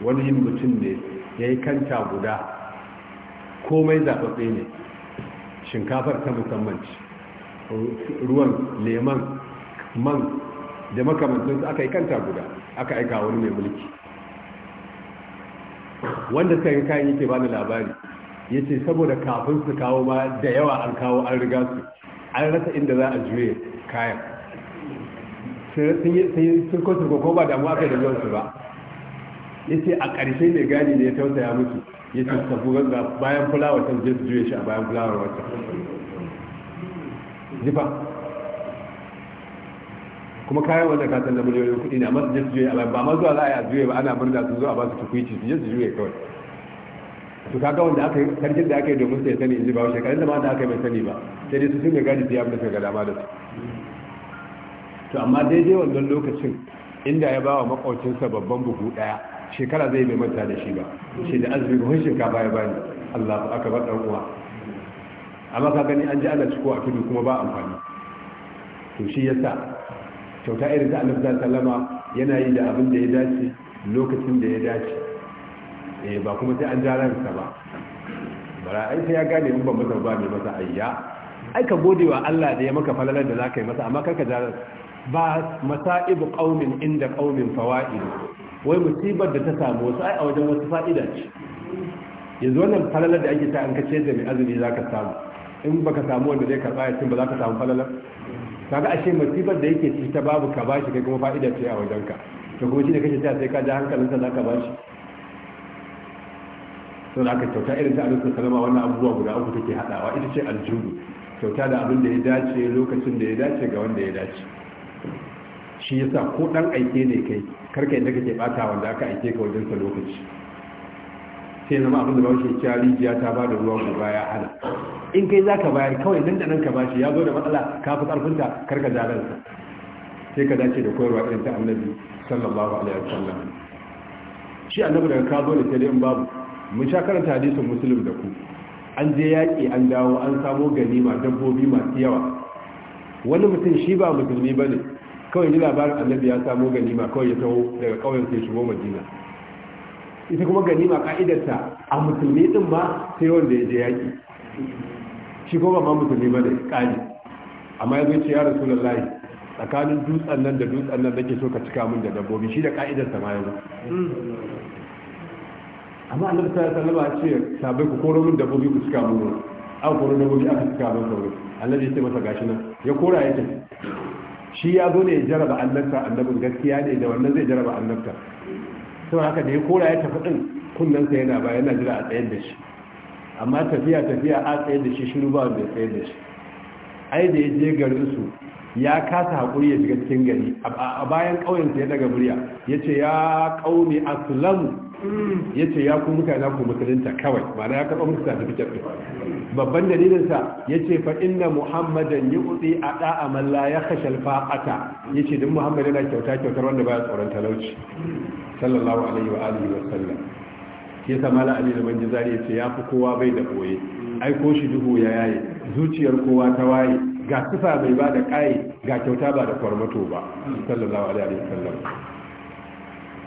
wani yin mutum ne yi kanta guda komai zaɓaɓɓe ne shinkafar ta musamman ci ruwan leman man da su aka yi kanta guda aka aika wani mai mulki wanda sayan kayan yake bani labari ya ce saboda kafin su kawo ma da yawa an kawo an riga su an rasa inda za a juye kayan sun yi turko ko ba damu aka yi da yawansu ba ya ce a ƙarshe mai gani ne ya tausaya musu ya ce sabu bayan fulawar ta je su juye shi a bayan fulawar wata jifa kuma kayan wanda ka san da miliyoyin kuɗi ne a su je juye ba ma zuwa za a yi a juye ba ana murna su zo a ba su ci su je juye kawai su kaga wanda aka yi sarkin da aka yi domin sai sani in ba wasu shekarun da ma da aka yi mai sani ba sai dai su sun gaga da su yi abin da suka dama da su to amma daidai wannan lokacin inda ya bawa makaucinsa babban buhu daya shekara zai bai manta da shi ba shi da azumi buhun shinkafa ya bani aka akbar dan uwa amma ka gani an ji ana ciko a tudu kuma ba amfani to shi yasa kyauta irin ta annabi sallama yana yi da abin da ya dace lokacin da ya dace eh ba kuma sai an ja ransa ba bara ai sai ya gane in ban masa ba mai masa ayya ai ka gode wa Allah da ya maka falalar da zaka yi masa amma kar ka ja ba masaib qaumin inda qaumin fawaid wai musibar da ta samu wasu ai a wajen wasu fa'ida ce yanzu wannan falalar da ake ta an kace da mai azumi zaka samu in baka samu wanda zai karba ya ba za ka samu falala kaga ashe masifar da yake ci ta babu ka bashi kai kuma fa'ida ce a wajen ka to kuma shine kace sai ka ja sa za ka bashi da aka kyauta irin ta alaihi salama wannan abubuwa guda uku take hadawa ita ce aljudu kyauta da abin da ya dace lokacin da ya dace ga wanda ya dace shi yasa ko dan aike ne kai karka inda kake bata wanda aka aike ka wajen sa lokaci sai zama abin da ba shi cewa rijiya ta ba da ruwa gobe ya hana in kai za ka bayar kawai nan da nan ka bashi ya zo da matsala ka fi karfinta kar ka jaran sa sai ka dace da koyarwa irin ta annabi sallallahu alaihi wasallam shi annabi daga ka zo da sai in babu mun sha karanta hadisin muslim da ku an je yaƙi an dawo an samo ganima dabbobi masu yawa wani mutum shi ba musulmi ba ne kawai ji labarin annabi ya samo ganima kawai ya taho daga ƙauyen sai shigo madina ita kuma ganima ka'idarta a musulmi din ma sai wanda ya je yaki shi kuma ma musulmi ba da kaji amma ya ce ya rasu rasulullahi tsakanin dutsen nan da dutsen nan nake so ka cika min da dabbobi shi da ka'idarta ma yanzu amma annabi sallallahu alaihi wasallam ce sabai ku koro min dabbobi ku cika min an koro dabbobi aka cika min sauri annabi ya ce masa gashi nan ya kora ya ce shi ya zo ne ya jaraba annabta annabin gaskiya ne da wannan zai jaraba annabta sau haka da ya kora ya tafi ɗin sa yana bayan yana jira a tsayar da shi amma tafiya tafiya a tsayar da shi shiru ba bai tsayar da shi ai da ya je garin su ya kasa hakuri ya shiga cikin gari a bayan ƙauyensa ya daga murya ya ce ya ƙauni aslamu ya ce ya ku mutane ku musulunta kawai ba na ya karɓar musu da fitar babban dalilinsa ya ce fa inna muhammadan yi kutse a ɗa'a malla ya kashe fa'ata ya ce don muhammad yana kyauta kyautar wanda baya tsoron talauci sallallahu alaihi wa alihi wa sallam ya sa mala ali da manji zari ya ce ya fi kowa bai da ɓoye ko shi duhu ya yaye zuciyar kowa ta waye ga kusa mai ba da ƙaye ga kyauta ba da kwarmato ba sallallahu alaihi wa sallam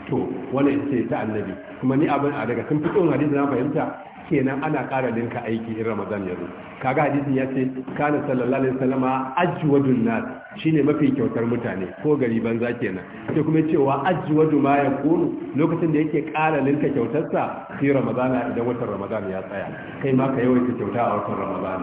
to wannan in ce ta annabi kuma ni abin a daga sun fito hadisi na fahimta kenan ana ƙara dinka aiki in ramadan ya zo kaga hadisin ya ce kana sallallahu alaihi wasallam ajwadun nas shine mafi kyautar mutane ko gari banza kenan sai kuma cewa ajwadu ma yakunu lokacin da yake ƙara linka kyautarsa fi ramadan idan watan ramadan ya tsaya kai ma ka yawaita kyauta a watan ramadan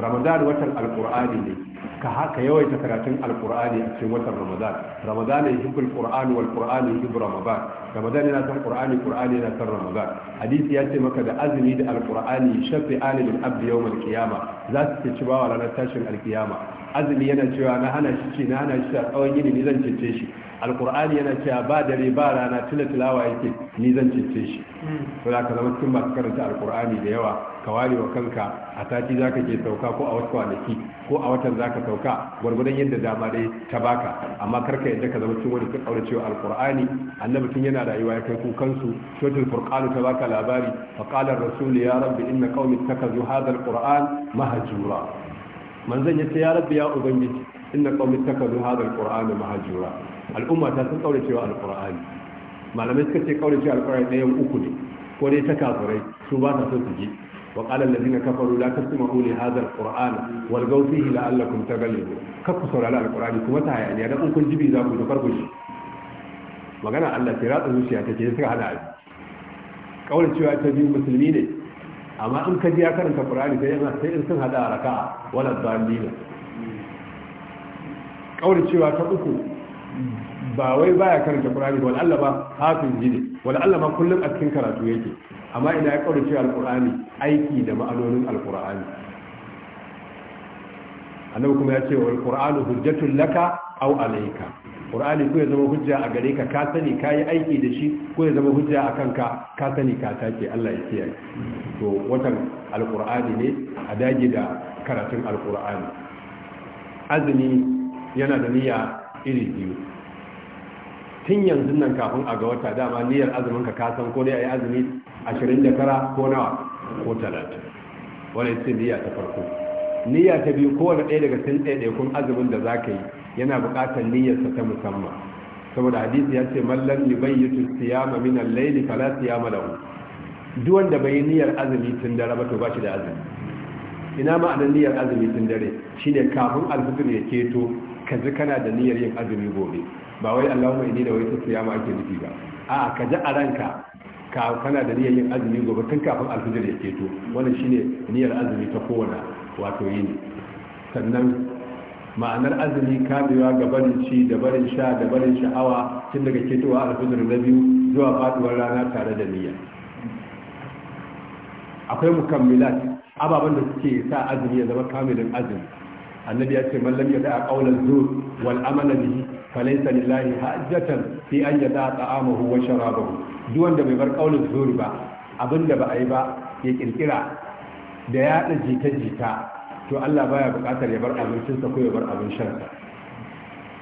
ramadan watan alqur'ani ne ka haka yawaita karatun alkur'ani a cikin watan ramadan ramadan ya hibbu qur'an wal ya yi ramadan ramadan yana san qur'ani qur'ani yana san ramadan hadisi ya ce maka da azumi da alkur'ani shafi alil abd yawm alqiyama za su ce cibawa ranar tashin alkiyama azumi yana cewa na hana shi ce na hana shi a tsawon yini ni zan cece shi alkur'ani yana cewa ba dare ba rana tila tilawa yake ni zan cece shi to da ka zama cikin masu karanta alkur'ani da yawa ka ware wa kanka a sati za ka ke sauka ko a wasu kwanaki ko a watan za ka sauka gwargwadon yadda dama dai ta baka amma karka yadda ka zama cikin wani ka kaura cewa alqur'ani annabi tun yana rayuwa ya kai kukan su suratul furqan ta baka labari fa qala ar-rasul ya rabbi inna qaumi ittakazu hadha alqur'an mahjura manzon yace ya rabbi ya ubangiji inna qaumi ittakazu hadha alqur'ana mahjura al'umma ta sun kaura cewa alqur'ani malamai suka ce kaura cewa alqur'ani ɗayan uku ne ko dai ta kafirai su ba ta so su je وقال الذين كفروا لا تسمعوا لهذا القرآن والغوا فيه لعلكم تغلبون كفوا على القرآن كما تهيا يعني dan kun jibi za ku dukar ku magana Allah ke ratsa zuciya take sai hada ai kaulin cewa ta biyu musulmi ne amma in ka ji ya karanta Qur'ani sai yana sai in sun hada a wala cewa ta uku ba wai baya karanta qur'ani ba Allah ba hafiz ne wal ma kullum a cikin karatu yake amma ina ya kaurace al-Qur'ani aiki da ma'anonin al-Qur'ani annabi kuma ya ce al qur'anu hujjatul laka aw alayka qur'ani ko ya zama hujja a gare ka ka sani kai aiki da shi ko ya zama hujja a kanka ka sani ka take Allah ya kiyaye to watan al-Qur'ani ne a dage da karatun al-Qur'ani azumi yana da niyya iri biyu tun yanzu nan kafin a ga wata dama niyyar azumin ka kasan ko dai a yi azumi ashirin da tara ko nawa ko talatin wani ce niyya ta farko niyya ta biyu kowane ɗaya daga ɗaya kun azumin da za ka yi yana buƙatar niyyarsa ta musamman saboda hadisi ya ce mallan yubayyitu siyama min al-layli fala siyama lahu duk wanda bai niyyar azumi tun dare ba to ba shi da azumi ina ma'anar niyyar azumi tun dare shine kafin alfitir ya keto kaji kana da niyyar yin azumi gobe ba wai Allahumma inni da wai siyama ake nufi ba a ka ji a ranka ka kana da niyyar yin azumi gobe tun kafin alfijir ya keto wannan shine niyyar azumi ta kowane wato ne. sannan ma'anar azumi kamewa ga barin ci da barin sha da barin sha'awa tun daga ketowa alfijir na biyu zuwa faduwar rana tare da niyya akwai mukammilat ababen da suke sa azumi ya zama kamilin azumi annabi ya ce mallam ya da'a qawlan zur wal amala bihi falaisa lillahi hajjatan fi an ma ta'amahu wa sharabahu duk wanda bai bar kaulin zuri ba abinda ba a yi ba ya kirkira da yaɗa jita-jita to Allah baya buƙatar ya bar abincinsa ko ya bar abin shansa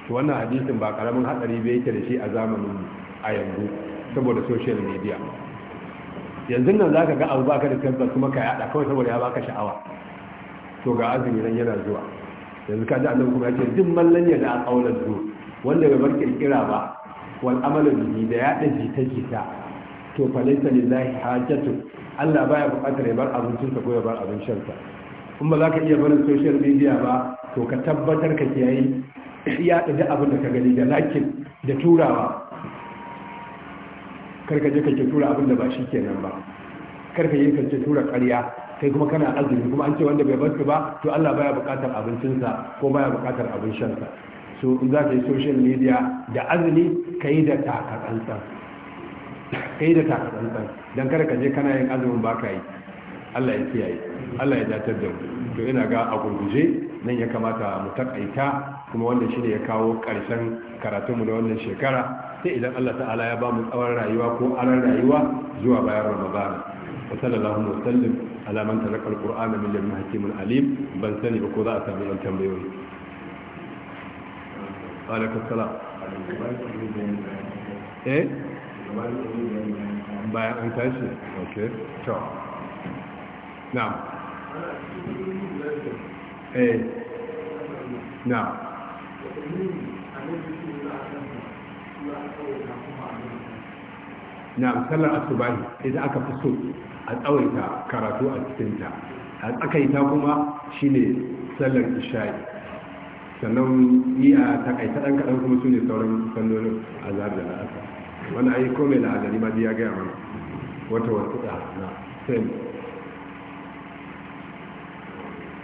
to wannan hadisin ba karamin hatsari bai yake da shi a zamanin a yanzu saboda social media yanzu nan zaka ga abu baka da tabbas kuma yada kawai saboda ya baka sha'awa to ga azumi nan yana zuwa yanzu ka ji annabi kuma yace duk mallan ya da qaulan zu wanda bai bar kirkira ba wal amalu bihi da ya da jita jita to fa laysa lillahi hajatu Allah baya buƙatar ya bar abincin ka ko ya bar abin shan ka in ba za ka iya barin social media ba to ka tabbatar ka kiyaye ya da abin da ka gani da lakin da turawa karka je kake tura abin da ba shi kenan ba karka yi ka kake tura ƙarya kai kuma kana azumi kuma an ce wanda bai barka ba to Allah baya buƙatar abincinsa ko baya buƙatar abin shansa so za ka yi social media da azumi ka yi da takatsantsan ka yi da takatsantsan don kada ka je kana yin azumin ba ka yi allah ya kiyaye allah ya datar da mu to ina ga a gurguje nan ya kamata mu takaita kuma wanda ne ya kawo karshen karatunmu na wannan shekara sai idan allah ta'ala ya ba mu tsawon rayuwa ko aran rayuwa zuwa bayan ramadana وصلى الله وسلم على من تلقى القرآن من sani ba ko بل a بقضاء سامي التنبيوي alaikun salam eh bayan an tashi ok to na eh na na sallar asubahi idan aka fi so a tsawaita karatu a cikinta a tsakaita kuma shi ne sallar isha'i sannan yi a takaita ɗan kaɗan kuma su ne sauran sandonin a da la'asa wani ayi komai mai la'adari ma ya gaya mana wata wasu da na sen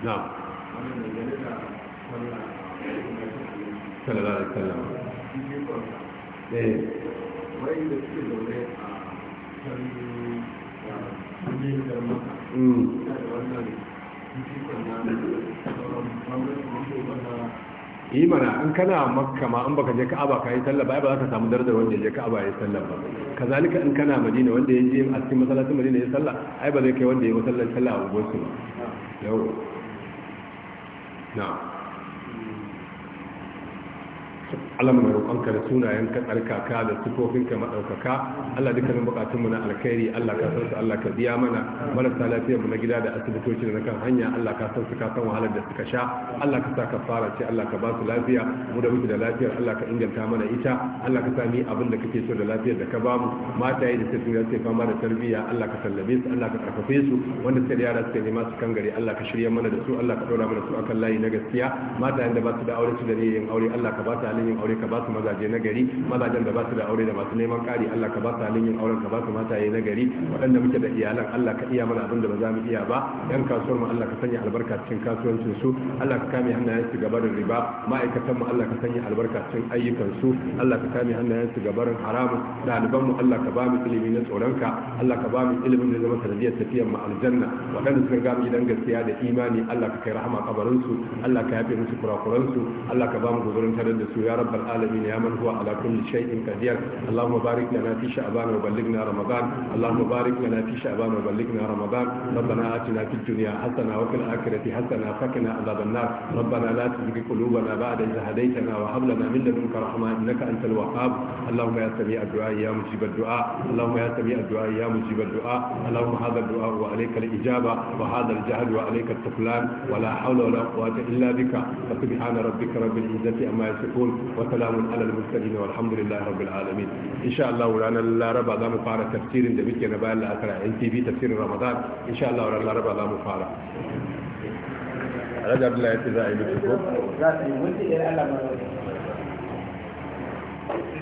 na sallallahu alaihi wasallam eh wai da suke zaune a kan mm. da wannan yi mana in kana makka ma an baka je ka'aba ka yi sallah ba ba za ka samu darajar wanda je ka'aba ya yi sallah ba kazalika in kana madina wanda ya je a cikin masallacin madina ya sallah ai ba zai kai wanda ya masallacin sallah a unguwarsu ba yau na Allah mai roƙonka da sunayen ka tsarkaka da sifofin ka maɗaukaka Allah dukkanin bukatunmu na alkhairi Allah ka san su Allah ka biya mana marasa lafiya mu na gida da asibitoci da na kan hanya Allah ka san su ka san wahalar da suka sha Allah ka sa kafara ce Allah ka ba su lafiya mu da muke da lafiyar Allah ka inganta mana ita Allah ka sami abin da kake so da lafiyar da ka ba mu mataye da ya sai fama da tarbiyya Allah ka sallabe su Allah ka karfafe su wanda suke da yara suke nema su kan gari Allah ka shirya mana da su Allah ka daura mana su akan layi na gaskiya matayen da ba su da aure su da yin aure Allah ka ba su halin yin aure aure ka ba su mazaje na gari mazajen da ba su da aure da masu neman kari Allah ka ba su halin yin auren ka ba su mataye na gari waɗanda muke da iyalan Allah ka iya mana abin da ba za mu iya ba yan kasuwar mu Allah ka sanya albarka cikin kasuwancin su Allah ka kame hannayen su da riba ma'aikatan mu Allah ka sanya albarka cikin ayyukan su Allah ka kame hannayen su da haramun ɗaliban mu Allah ka ba mu ilimi na tsoronka Allah ka ba mu ilimin da zama sanadiyar tafiyar mu aljanna waɗanda suka gami gidan gaskiya da imani Allah ka kai rahama kabarin su Allah ka yafe musu kurakuran su Allah ka ba mu gudurin tare da su ya rabu رب العالمين يا من هو على كل شيء قدير اللهم بارك لنا في شعبان وبلغنا رمضان اللهم بارك لنا في شعبان وبلغنا رمضان ربنا آتنا في الدنيا حسنة وفي الآخرة حسنة فقنا عذاب النار ربنا لا تزغ قلوبنا بعد إذ هديتنا وهب لنا من لدنك رحمة إنك أنت الوهاب اللهم يا سميع الدعاء يا مجيب الدعاء اللهم يا سميع الدعاء يا مجيب الدعاء اللهم هذا الدعاء وعليك الإجابة وهذا الجهد وعليك التقلان ولا حول ولا قوة إلا بك فسبحان ربك رب العزة أما يصفون وسلام على المرسلين والحمد لله رب العالمين ان شاء الله ورانا الربع ذا مفارق تفسير ان muke na bayan la'akara ان تي في تفسير رمضان ان شاء الله ولانا الربع زمو فارا Alhaji Abdullahi ya ce za a yi mutu ko? Za a